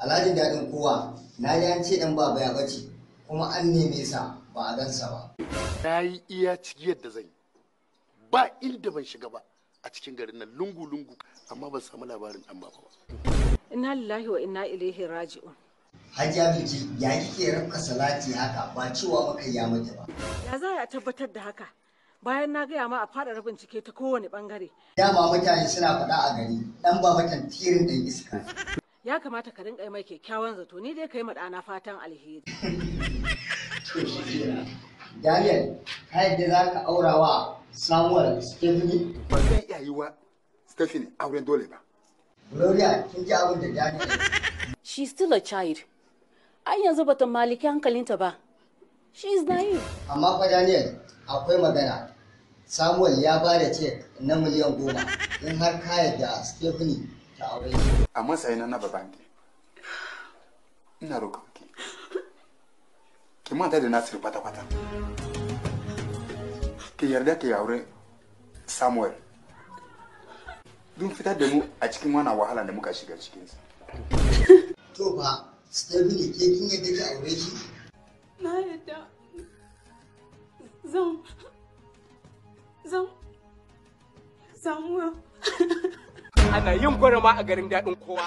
alhaji daɗin kowa na ji an ce ɗan baba ya bace kuma an neme sa ba a gansa ba na yi iya ciki yadda zan yi ba inda ban shiga ba a cikin garin nan lungu-lungu amma ban samu labarin ɗan baba ba inna lillahi wa ina ilaihi raji'un Hajiya Biki ya kike rabka salati haka ba cewa maka ya mata ba. Ya za a tabbatar da haka bayan na gaya ma a fara cike ta kowane bangare. Dama mutane suna faɗa a gari ɗan ba mutan tirin dan iska. ya kamata ka rinka mai kyakkyawan zato ni dai kai madana fatan alheri Daniel, ka yadda za ka aura wa Samuel Stephanie? Ba zan iya yi wa Stephanie auren dole ba. Gloria, kin ji abin da Daniel. She still a child. Ai yanzu bata maliki hankalinta ba. She is naive. Amma fa Daniel, akwai magana. Samuel ya ba da cek na miliyan goma in har ka yadda Stephanie da auren shi a matsayin na baban ki ina roƙon ki ki manta da Nasir kwata kwata ki yarda ki aure Samuel dun fitar da mu a cikin wannan wahala da muka shiga cikinsa. To ba, Stabili ke kin yadda ki aure shi? Na yadda. Zan. Zan. Samuel. ana yin gwarama a garin daɗin kowa